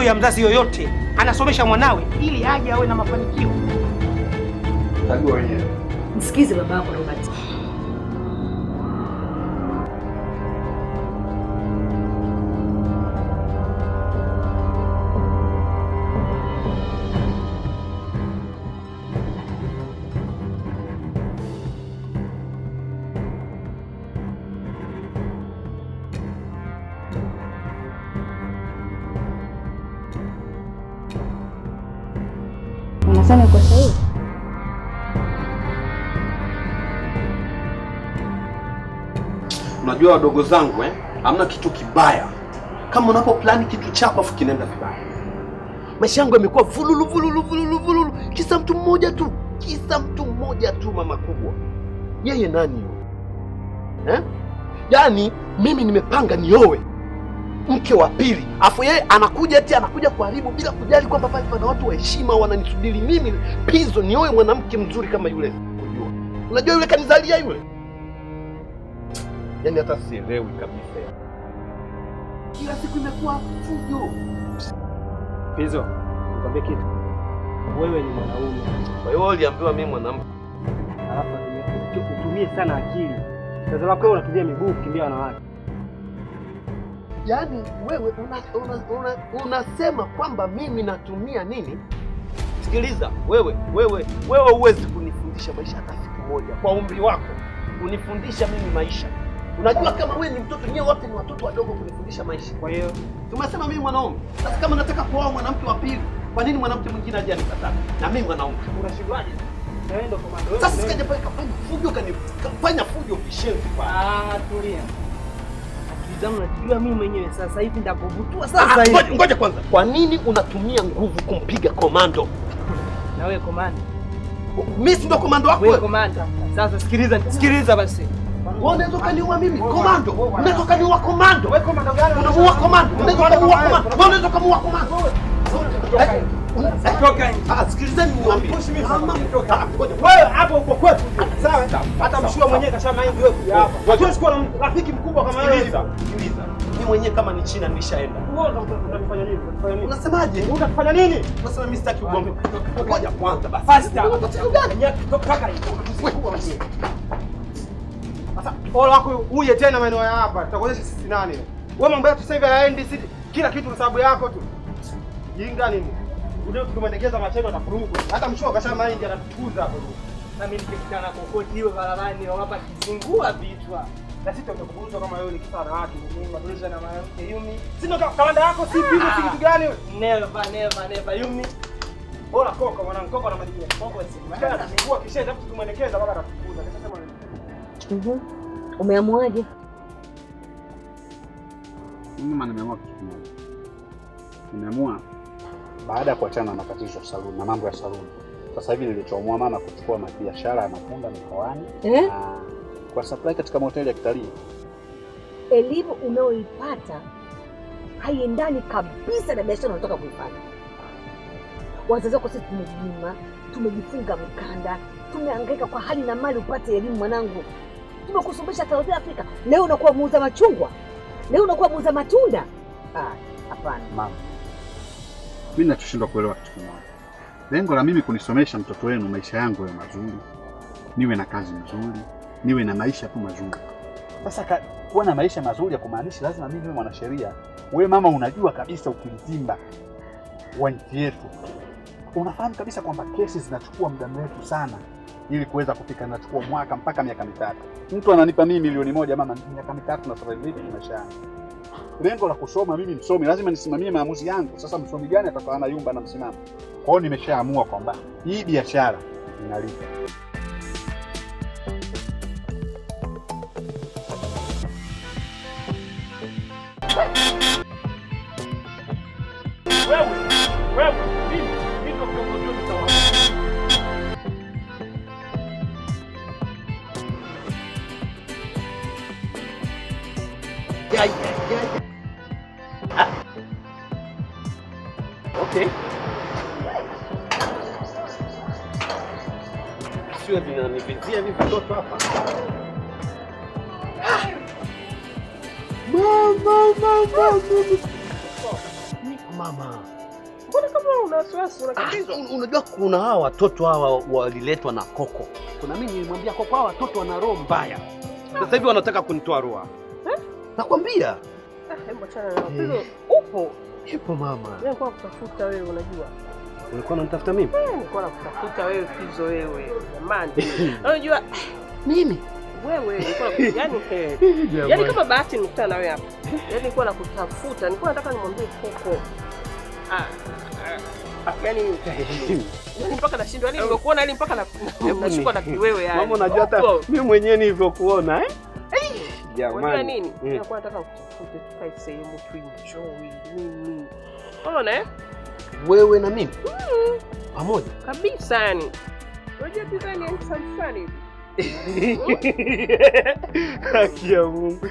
ndoto ya mzazi yoyote anasomesha mwanawe ili aje awe na mafanikio. Msikize baba yako Robert. Unajua wadogo zangu eh? Hamna kitu kibaya kama unapo plani kitu chako afu kinaenda vibaya. Maisha yangu yamekuwa vululu vululu vululu vululu, kisa mtu mmoja tu, kisa mtu mmoja tu, mama kubwa. Yeye nani yo eh? Yaani mimi nimepanga niowe mke wa pili, afu yeye anakuja eti anakuja kuharibu bila kujali kwamba pale pana watu wa heshima wananisubiri mimi pizo, niowe mwanamke mzuri kama yule. Unajua yule kanizalia yule yani hata sielewi kabisa. Kila siku imekuwa fujo. Pizo, nikwambie kitu. Wewe ni mwanaume. Kwa hiyo uliambiwa mimi mwanamke. Alafu utumie sana akili. Sasa lako unatumia miguu kukimbia wanawake. Yaani wewe unasema una, una, una kwamba mimi natumia nini? Sikiliza wewe, wewe wewe, huwezi kunifundisha maisha hata siku moja. Kwa umri wako unifundisha mimi maisha Unajua kama wewe ni mtoto, nyewe wote ni watoto wadogo kunifundisha maisha. Kwa hiyo tumesema mimi mwanaume. Sasa kama nataka kuoa mwanamke wa pili, kwa nini mwanamke mwingine aje anikataa? Na mimi mwanaume. Unashindwaje? Naenda kwa mwanaume. Sasa sikaje pale kafanya fujo fujo Ah, tulia. mimi mwenyewe sasa hivi sasa ah, Ngoja kwanza. Kwa nini unatumia nguvu kumpiga komando? Na wewe komando. Mimi si ndo komando wako wewe. Komando. Sasa sikiliza, sikiliza basi. Unaweza kaniua mimi komando, unaweza kaniua komando, Unamuua komando, unaweza kaniua komando, unaweza kaniua komando. Eh, eh, ah, sikilizeni niwaambie. hapo uko kwetu. Sawa? Hata mshua mwenyewe kashama hivi wewe kuja eh, hapa. rafiki mkubwa kama wewe. Mimi mwenyewe kama ni China nishaenda. Unasemaje? Unafanya nini? Unasema mimi sitaki ugomvi. Ngoja kwanza basi. Fasta. Toka hiyo. Ola wako uje tena maeneo ya hapa. Tutakuonyesha sisi nani. Wewe mambo yako sasa hivi hayaendi sisi. Kila kitu kwa sababu yako tu. Jinga nini? Unao kumwendekeza machelo atakuruku. Hata mshoka kasha mahindi anatukuza hapo. Na mimi nikikutana kokoti iwe barabarani au hapa kizingua vichwa. Na sisi tutakukuruza kama wewe ni kifara na watu. Mungu atuliza na mwanamke Yumi. Si ndio kamanda yako si pigo si kitu gani? Never never never Yumi. Bora koko mwanangu koko na majibu. Koko si. Kisha kisha tumwendekeza baba atakukuza. Nikasema sema. Mhm. Umeamuaje? Mimi nimeamua kitu kimoja. Nimeamua baada ya kuachana na matatizo saluni na mambo ya saluni. Sasa hivi nilichoamua mama kuchukua mabiashara ya matunda mikoani eh? na kwa supply katika mahoteli ya kitalii. Elimu unayoipata haiendani kabisa na biashara unataka kuifanya. Wazazi wako sisi tumejima, tumejifunga mkanda, tumehangaika kwa hali na mali upate elimu mwanangu. Juma kusumbisha South Africa. Leo unakuwa muuza machungwa, leo unakuwa muuza matunda. Hapana mama, mimi nachoshindwa kuelewa kitu kimoja. Lengo la mimi kunisomesha mtoto wenu maisha yangu ya mazuri, niwe na kazi nzuri, niwe na maisha tu mazuri. Sasa kuwa na maisha mazuri ya kumaanisha lazima mimi niwe mwanasheria. Wewe mama, unajua kabisa ukimzimba wa nchi yetu, unafahamu kabisa kwamba kesi zinachukua muda mrefu sana ili kuweza kufika, nachukua mwaka mpaka miaka mitatu. Mtu ananipa mimi milioni moja mama, miaka mitatu nasafarivipi maisha? Lengo la kusoma, mimi msomi, lazima nisimamie maamuzi yangu. Sasa msomi gani atakaana yumba na msimamo? Kwa hiyo nimeshaamua kwamba hii biashara inalipa. kuna hawa watoto hawa waliletwa na Koko. Kuna mimi nilimwambia Koko hawa watoto wana roho mbaya, sasa hivi wanataka kunitoa roho eh? Nakwambia Ah, hebu achana na eh. Upo ipo mama, Wewe kwa kutafuta wewe, unajua ulikuwa unanitafuta mimi, eh, nilikuwa nakutafuta wewe Fizo, wewe jamani, unajua mimi wewe yani, eh. yani kama bahati na wewe hapa, Yaani nilikuwa nakutafuta, nilikuwa nataka nimwambie Koko ah. ah. Yaani mpaka unajua hata mimi mwenyewe nilivyokuona eh? Eh! Eh. Wewe na mimi? Mm-hmm. Pamoja. Kabisa yani. Haki ya Mungu.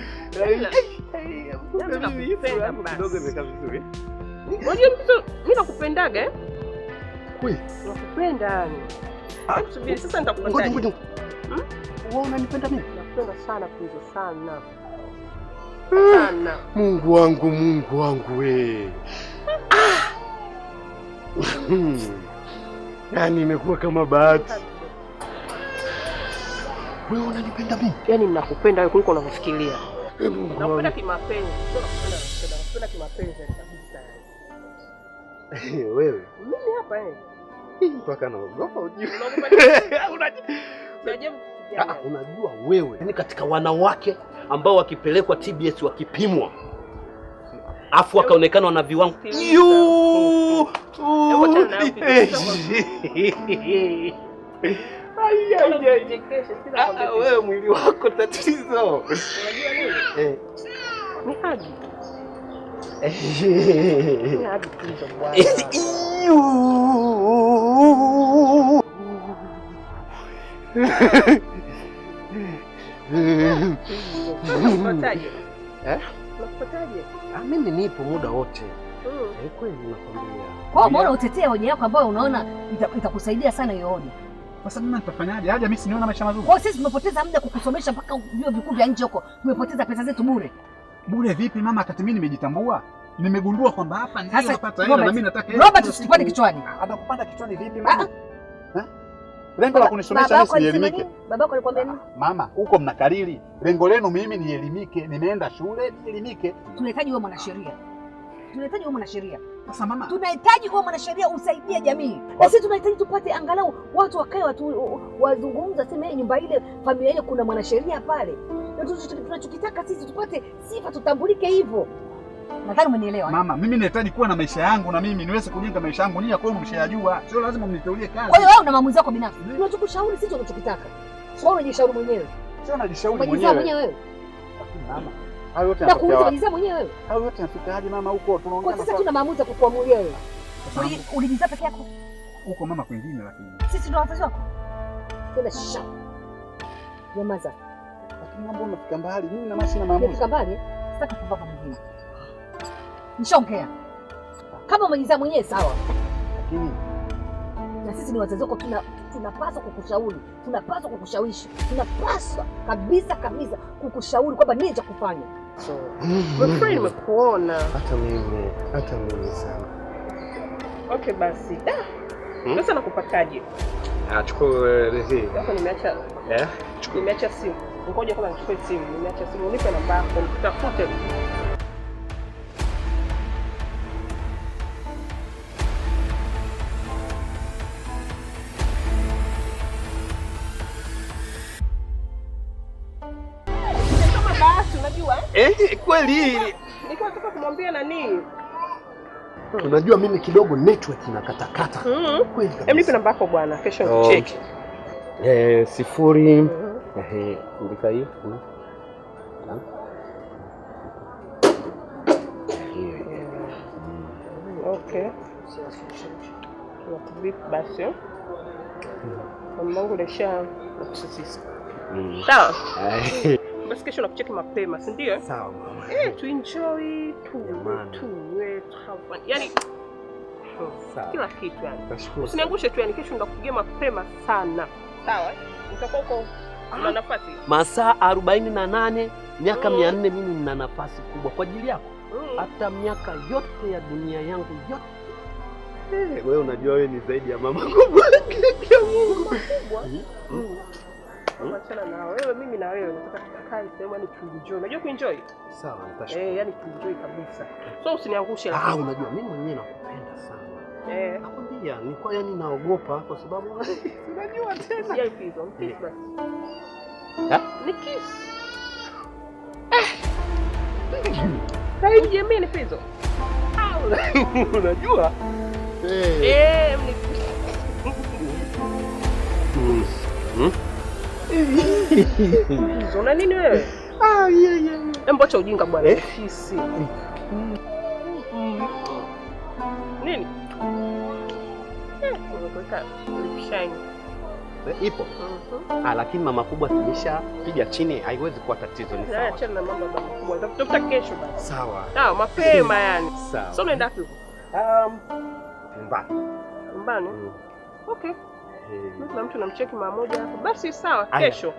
Kidogo imekaa vizuri. Unajua mtu mimi nakupendaga eh? Kweli? Nakupenda yani. Ah, Hebu subiri sasa nitakupendaje? Ngoja ngoja. Hmm? Wewe unanipenda mimi? Nakupenda sana Punzo sana. Ah, sana. Mungu wangu, Mungu wangu we. Ah. Hmm. Yaani imekuwa kama bahati. Wewe unanipenda mimi? Yaani ninakupenda kuliko unavyofikiria. Eh, nakupenda kimapenzi. Nakupenda kimapenzi. Eh, wewe mimi hapa eh, mpaka naogopa. Ah, unajua wewe, yaani katika wanawake ambao wakipelekwa TBS wakipimwa afu wakaonekana wana viwango eh, ah, wewe, mwili wako tatizo. Mimi nipo muda wote kweli, nakwambia. bora utetee hoja yako ambayo unaona itakusaidia sana hiyo hoja. Sasa mimi nitafanyaje? Haja mimi niona maisha mazuri. Kwa sisi tumepoteza muda kukusomesha mpaka vyuo vikuu vya nje huko, tumepoteza pesa zetu bure. Bure vipi mama, wakati mimi nimejitambua, nimegundua kwamba hapa ndio napata hela na mimi nataka hela. Robert, usitupande kichwani. Atakupanda kichwani vipi ah, ah. mama? Lengo la kunisomesha mimi nielimike. Babako alikwambia nini? Mama, huko mnakariri. Lengo lenu mimi nielimike, nimeenda shule nielimike. Tunahitaji wewe mwanasheria. Tunahitaji wewe mwanasheria. Sasa mama, tunahitaji wewe mwanasheria usaidie jamii. Na sisi tunahitaji tupate angalau watu wakae watu wazungumza, sema nyumba ile, familia ile kuna mwanasheria pale tunachokitaka sisi tupate sifa, tutambulike hivyo. Nadhani umenielewa. Eh? Mama, mimi nahitaji kuwa na maisha yangu na mimi niweze kujenga maisha yangu. Nia kwenu mshayajua. Sio lazima mniteulie kazi. Kwa hiyo wewe una maamuzi yako binafsi. Tunachokushauri sisi tunachokitaka. Sio unajishauri mwenyewe. Sio unajishauri mwenyewe. Mwenyewe. Mama, hayo yote yanakuuliza mwenyewe wewe. Hayo yote hadi mama huko? Tunaongea. Kwa sasa tuna maamuzi ya kukuamulia wewe. Ulijiza peke yako. Huko mama kwingine lakini. Sisi ndio wazazi wako. Tena shaka. Nyamaza. Mambo unafika mbali. Mimi na masi na maamuzi. Unafika mbali? Sitaki kuvuka kama hivi. Nishongea. Kama umejiza mwenyewe sawa. Lakini na sisi ni wazazi wako, tuna tunapaswa kukushauri, tunapaswa kukushawishi, tunapaswa kabisa kabisa kukushauri kwamba nini cha kufanya. So, wewe nimekuona. Hata mimi, hata mimi sana. Okay basi. Hmm? Sasa nakupataje? Achukua ah, eh, hii. Hapo nimeacha. Eh? Nimeacha simu. Ngoja kwanza nichukue simu, nimeacha simu, nipe namba yako nitafute. Eh, kweli nilikuwa kumwambia nani, unajua mimi kidogo network inakatakata. Mm. Kweli, eh, nipe namba yako bwana, kesho oh. nicheki. Eh, sifuri mm-hmm. Ehe, andika hiyo basi Mungu lesha hmm. Sawa. Basi kesho nakucheki mapema, si ndio? Eh, tu enjoy tu tu eh, kila kitu yani. Usiniangushe tu yani, kesho ndakupigia mapema sana. Sawa? Utakuwa uko Una nafasi? Masaa nane miaka 400 mm. Mimi nina nafasi kubwa kwa ajili yako mm. hata mm. miaka yote ya dunia yangu yote hey, eh, wewe unajua wewe ni zaidi ya mama kubwa ya Mungu. Mm. Mm. Achana na wewe, mimi na wewe nataka tukae sehemu yani tuenjoy. Unajua kuenjoy? Sawa, nitashukuru. Eh, yani tuenjoy kabisa. So usiniangushe. Ah, unajua mimi mwenyewe nakupenda sana eh, nakwambia nilikuwa yani naogopa kwa sababu unajua tena unajua eh. Eh, hmm? na nini wewe? Ah, yeah, yeah. Embo cha ujinga bwana. Fisi. Eh? Umekuweka ipo mm -hmm. Lakini mama kubwa tumeshapiga chini, haiwezi kuwa tatizo. Ni sawa, achana na mambo mama kubwa, tutakuta kesho basi. Sawa sawa, mapema yani. Sawa, so unaenda wapi Um, mbani mbani. Mm. Okay, eh. na mtu namcheki mara moja hapo. Basi sawa, kesho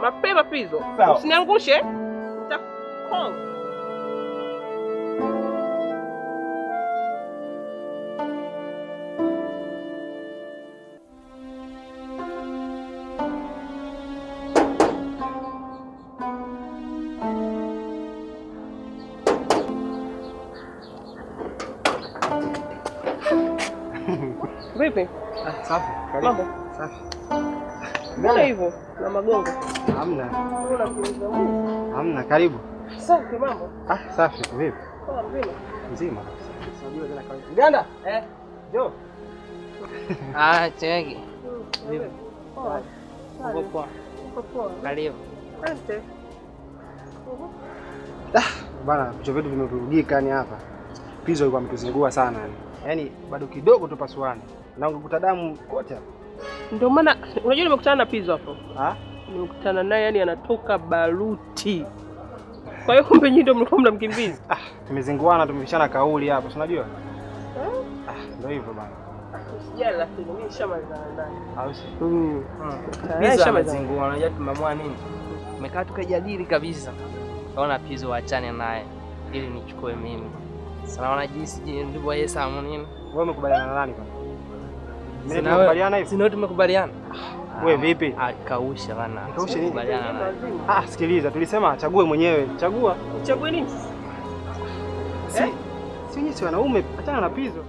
mapema pizo, usiniangushe nitakonga Vipi? Ah, safi. Karibu. Safi. Mbona hivyo? Na magongo. Hamna. Hamna, karibu. Safi mambo. Ah, safi. Vipi? Poa vipi? Nzima. Unajua tena kawaida. Uganda? Eh. Jo. Ah, cheki. Vipi? Poa. Poa. Poa. Poa. Karibu. Asante. Ah, bana, vichwa vyetu vimevurugika ni hapa. Pizza alikuwa ametuzingua sana yani. Yaani bado kidogo tupasuane na ungekuta damu kote hapo. Ndio maana unajua nimekutana na Pizzo hapo. Ah? Nimekutana naye yani anatoka baruti. Kwa hiyo kumbe nyinyi ndio mlikuwa mnamkimbiza. Ah, tumezinguana tumepishana kauli hapo, si unajua? Ah, ndio hivyo bana. Usijali lakini mimi nishamalizana naye. Au si? Mm. Ah, Pizzo unajua tumemwaa nini? Tumekaa tukajadili kabisa. Naona Pizzo waachane naye ili nichukue mimi. Sasa naona jinsi ndivyo yeye samu nini? Wewe umekubaliana na nani bana? Sina tumekubaliana. Wewe ah, ah, vipi? Ah, kausha bana. Kausha nini? Ah, sikiliza, tulisema achague mwenyewe. Chagua. Uchague nini? Si eh? Si nyinyi wanaume, achana na pizo.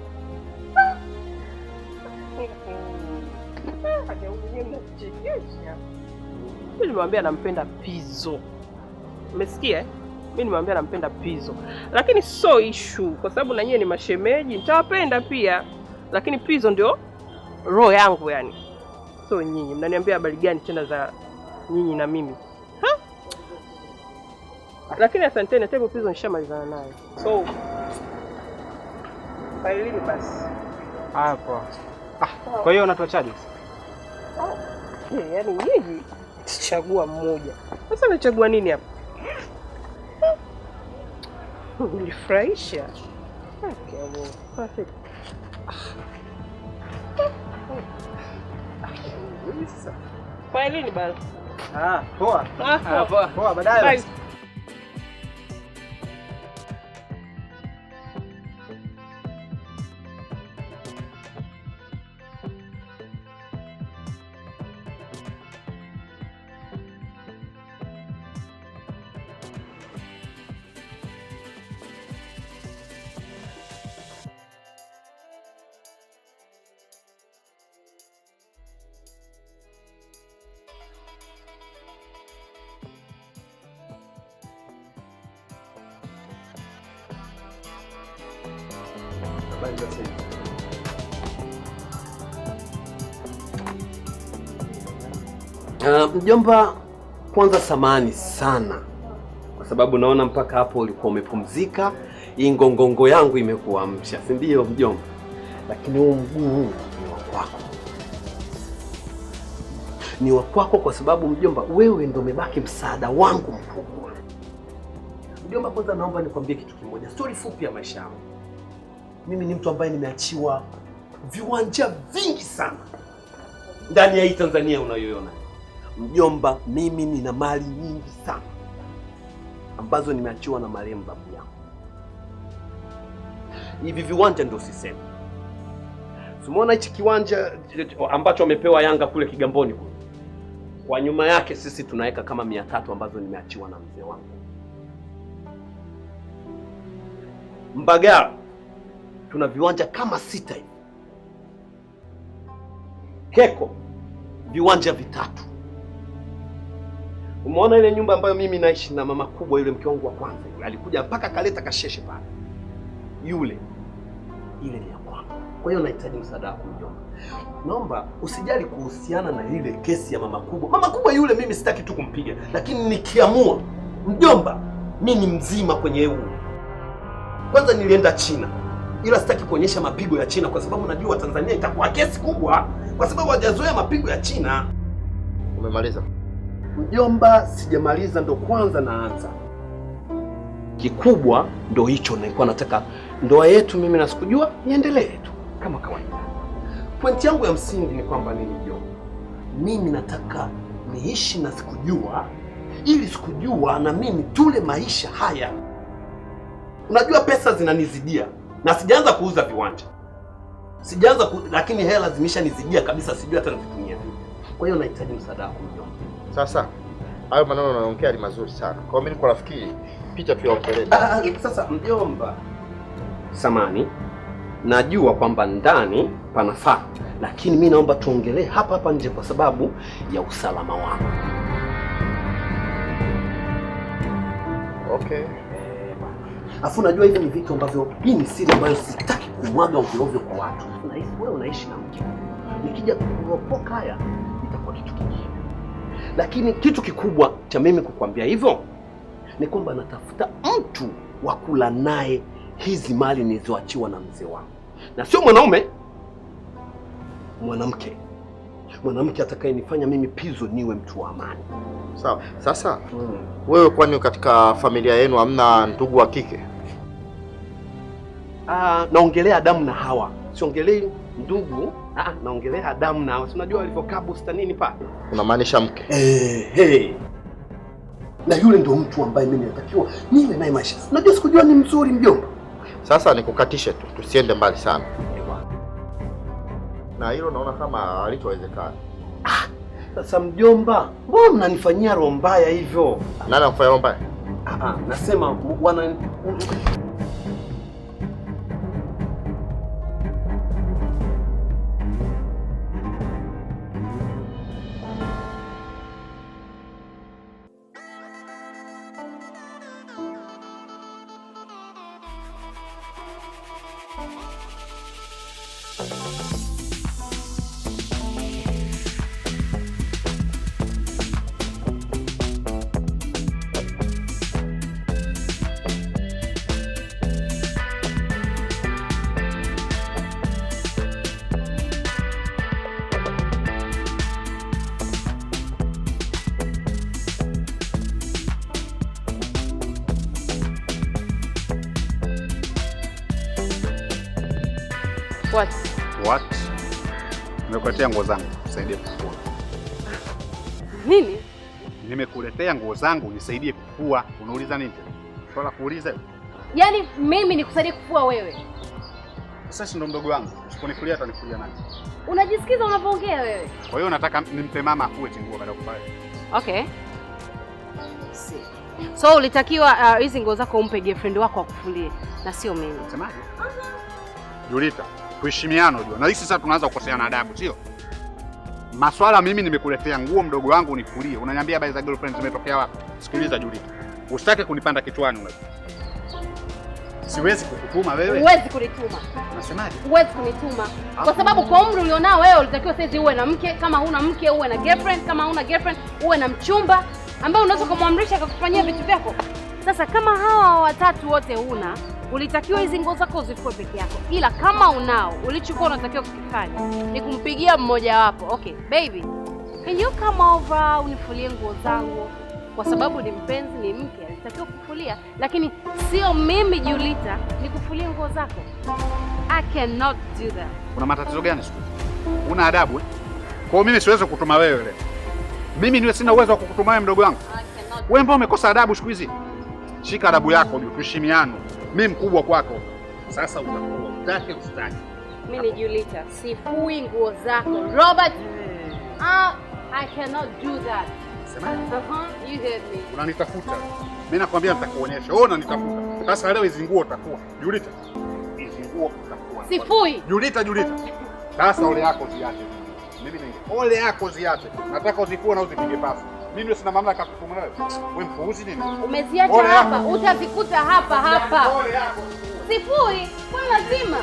Mimi nimwambia nampenda pizo. Umesikia eh? Mimi nimwambia nampenda pizo, lakini so issue kwa sababu na nyie ni mashemeji, mtawapenda pia, lakini pizo ndio roho yangu yani. So nyinyi mnaniambia habari gani tena za nyinyi na mimi ha? Lakini asanteni, tatizo nishamalizana naye. So failini basi hapo. Ah, ah, kwa hiyo unatuachaje sasa? Ah, oh, eh, yani nyinyi tichagua mmoja sasa, nachagua nini hapa? Nilifurahisha. Okay, well, perfect. Ah. sasa. Kwa nini basi? Ah, poa. Ah, poa. Ah, poa, baadaye. Uh, mjomba, kwanza samani sana kwa sababu naona mpaka hapo ulikuwa umepumzika. Hii ngongongo yangu imekuamsha, si ndio mjomba? Lakini huu mguu huu ni wa kwako, ni wa kwako kwa sababu mjomba, wewe ndio umebaki msaada wangu mkubwa. Mjomba, kwanza naomba nikwambie kitu kimoja, stori fupi ya maisha yangu mimi ni mtu ambaye nimeachiwa viwanja vingi sana ndani ya hii Tanzania unayoiona mjomba. Mimi nina mali nyingi sana ambazo nimeachiwa na marehemu babu yangu. Hivi viwanja ndio sisemi. Umeona hichi kiwanja ambacho amepewa Yanga kule Kigamboni kule. Kwa nyuma yake sisi tunaweka kama mia tatu ambazo nimeachiwa na mzee wangu Mbagala tuna viwanja kama sita hivi, Keko viwanja vitatu. Umeona ile nyumba ambayo mimi naishi na mama kubwa yule, mke wangu wa kwanza yule, alikuja mpaka akaleta kasheshe pale, yule ile ni ya kwangu. Kwa hiyo nahitaji msaada wako mjomba, naomba usijali kuhusiana na ile kesi ya mama kubwa. Mama kubwa yule mimi sitaki tu kumpiga, lakini nikiamua mjomba, mimi ni mzima kwenye huu. Kwanza nilienda China ila sitaki kuonyesha mapigo ya China kwa sababu najua Tanzania itakuwa kesi kubwa, kwa sababu hajazoea mapigo ya China. Umemaliza mjomba? Sijamaliza, ndo kwanza naanza. Kikubwa ndo hicho nilikuwa nataka, ndoa yetu mimi na sikujua niendelee tu kama kawaida. Pointi yangu ya msingi ni kwamba nini, mjomba, mimi nataka niishi na sikujua, ili sikujua na mimi tule maisha haya. Unajua pesa zinanizidia na sijaanza kuuza viwanja, sijaanza ku... lakini hela zimeshanizidia kabisa, sijui hata nizitumia vipi. Kwa hiyo nahitaji msaada wako mjomba. Sasa hayo maneno unayoongea ni mazuri sana, kwa mimi niko rafiki picha tu ya ah, ah, ah, sasa mjomba, samani najua kwamba ndani panafaa, lakini mi naomba tuongelee hapa hapa nje kwa sababu ya usalama wako. Okay. Afu unajua hivi ni vitu ambavyo hii ni siri ambayo sitaki kumwaga ovyo ovyo kwa watu. Unaishi wewe unaishi na mke. Nikija kuropoka haya itakuwa kitu kingine. Lakini kitu kikubwa cha mimi kukwambia hivyo ni kwamba natafuta mtu wa kula naye hizi mali nilizoachiwa na mzee wangu, na sio mwanaume, mwanamke mwanamke atakayenifanya mimi Pizzo niwe mtu wa amani. Sawa. Sasa mm. wewe kwani katika familia yenu hamna ndugu wa kike? Ah, naongelea Adamu na Hawa, siongelei ndugu. Ah, naongelea Adamu na Hawa, si unajua walivyokaa bustanini pale. Unamaanisha mke? Hey, eh, hey. Na yule ndio mtu ambaye mimi natakiwa niwe naye maisha. Unajua sikujua ni mzuri mjomba. Sasa nikukatishe tu, tusiende mbali sana na hilo naona kama halitowezekana. Ah, sasa mjomba, mbona mnanifanyia roho mbaya hivyo? Nani anakufanyia roho mbaya? Ah, ah nasema wana nimekuletea nguo zangu nisaidie kufua. Nini? Nimekuletea nguo zangu nisaidie kufua. Unauliza nini Swala kuuliza hiyo. Yaani mimi nikusaidie kufua wewe? Sasa si ndo mdogo wangu. Usiponifulia atanifulia nani? Unajisikiza unapoongea wewe? Kwa hiyo unataka nimpe mama afue nguo baada ya kufanya. Okay. Si. So ulitakiwa uh, hizi uh, nguo zako umpe girlfriend wako akufulie na sio mimi. Semaje? Julita kuheshimiana unajua. Na hisi sasa tunaanza kukoseana adabu, sio? Maswala mimi nimekuletea nguo mdogo wangu nikulie. Unaniambia habari za girlfriend zimetokea wapi? Sikiliza mm. Julie. Usitake kunipanda kichwani unajua. Siwezi kukutuma wewe. Huwezi kunituma. Unasemaje? Huwezi kunituma. Ah. Kwa sababu kwa umri ulionao wewe ulitakiwa sasa uwe na mke, kama huna mke uwe na girlfriend, kama huna girlfriend uwe na mchumba ambaye unaweza kumwamrisha akakufanyia vitu vyako. Sasa kama hawa watatu wote huna Ulitakiwa hizi nguo zako zifue peke yako, ila kama unao ulichukua, unatakiwa kukifanya ni kumpigia mmoja wapo. Okay baby, can you come over unifulie nguo zangu, kwa sababu ni mpenzi, ni mke, alitakiwa kufulia, lakini sio mimi Julita ni nikufulie nguo zako. I cannot do that. Kuna matatizo gani siku? Una adabu eh? Kwa hiyo mimi siwezi kukutuma wewe leo. Mimi niwe sina uwezo wa kukutuma wewe mdogo wangu. Wewe mbona umekosa adabu siku hizi? Shika adabu yako, tuheshimiane mi mkubwa kwako, sasa utakuwa utake ustake. Mi ni Julita, sifui nguo zako Robert. Ah, I cannot do that. Uh-huh, unanitafuta mi, nakwambia nitakuonyesha. Wewe unanitafuta sasa, leo hizi nguo utakuwa Julita, hizi nguo utakuwa sifui Julita, Julita. Sasa ole yako ziache, mimi ole yako ziache, nataka uzikuwa na uzipige pasi mimi sina mamlaka kufunga wewe. Wewe mpuuzi nini? Umeziacha hapa, utazikuta hapa hapa. Sifuri kwa lazima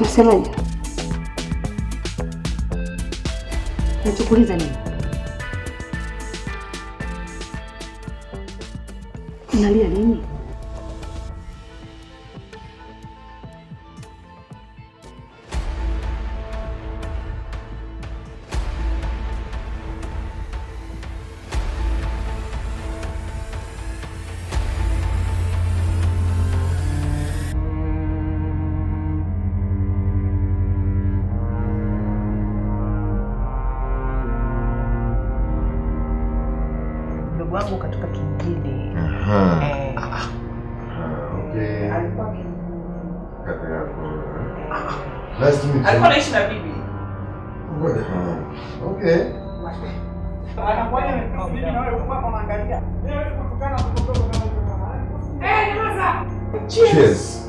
Unasemaje? Nachukuliza nini? alikuwa anaishi na bibi. Ah, okay. Eh, Cheers.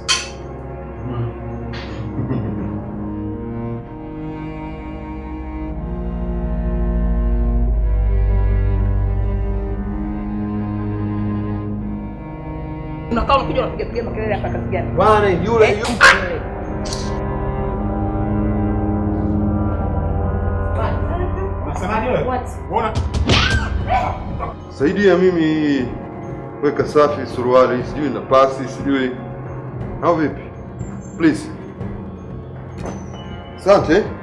Unakaa unakuja unapiga piga makelele hapa kazi gani? Bwana yule eh? yule saidia Saidi ya mimi weka safi suruali, sijui na pasi, sijui au vipi? Please. Asante.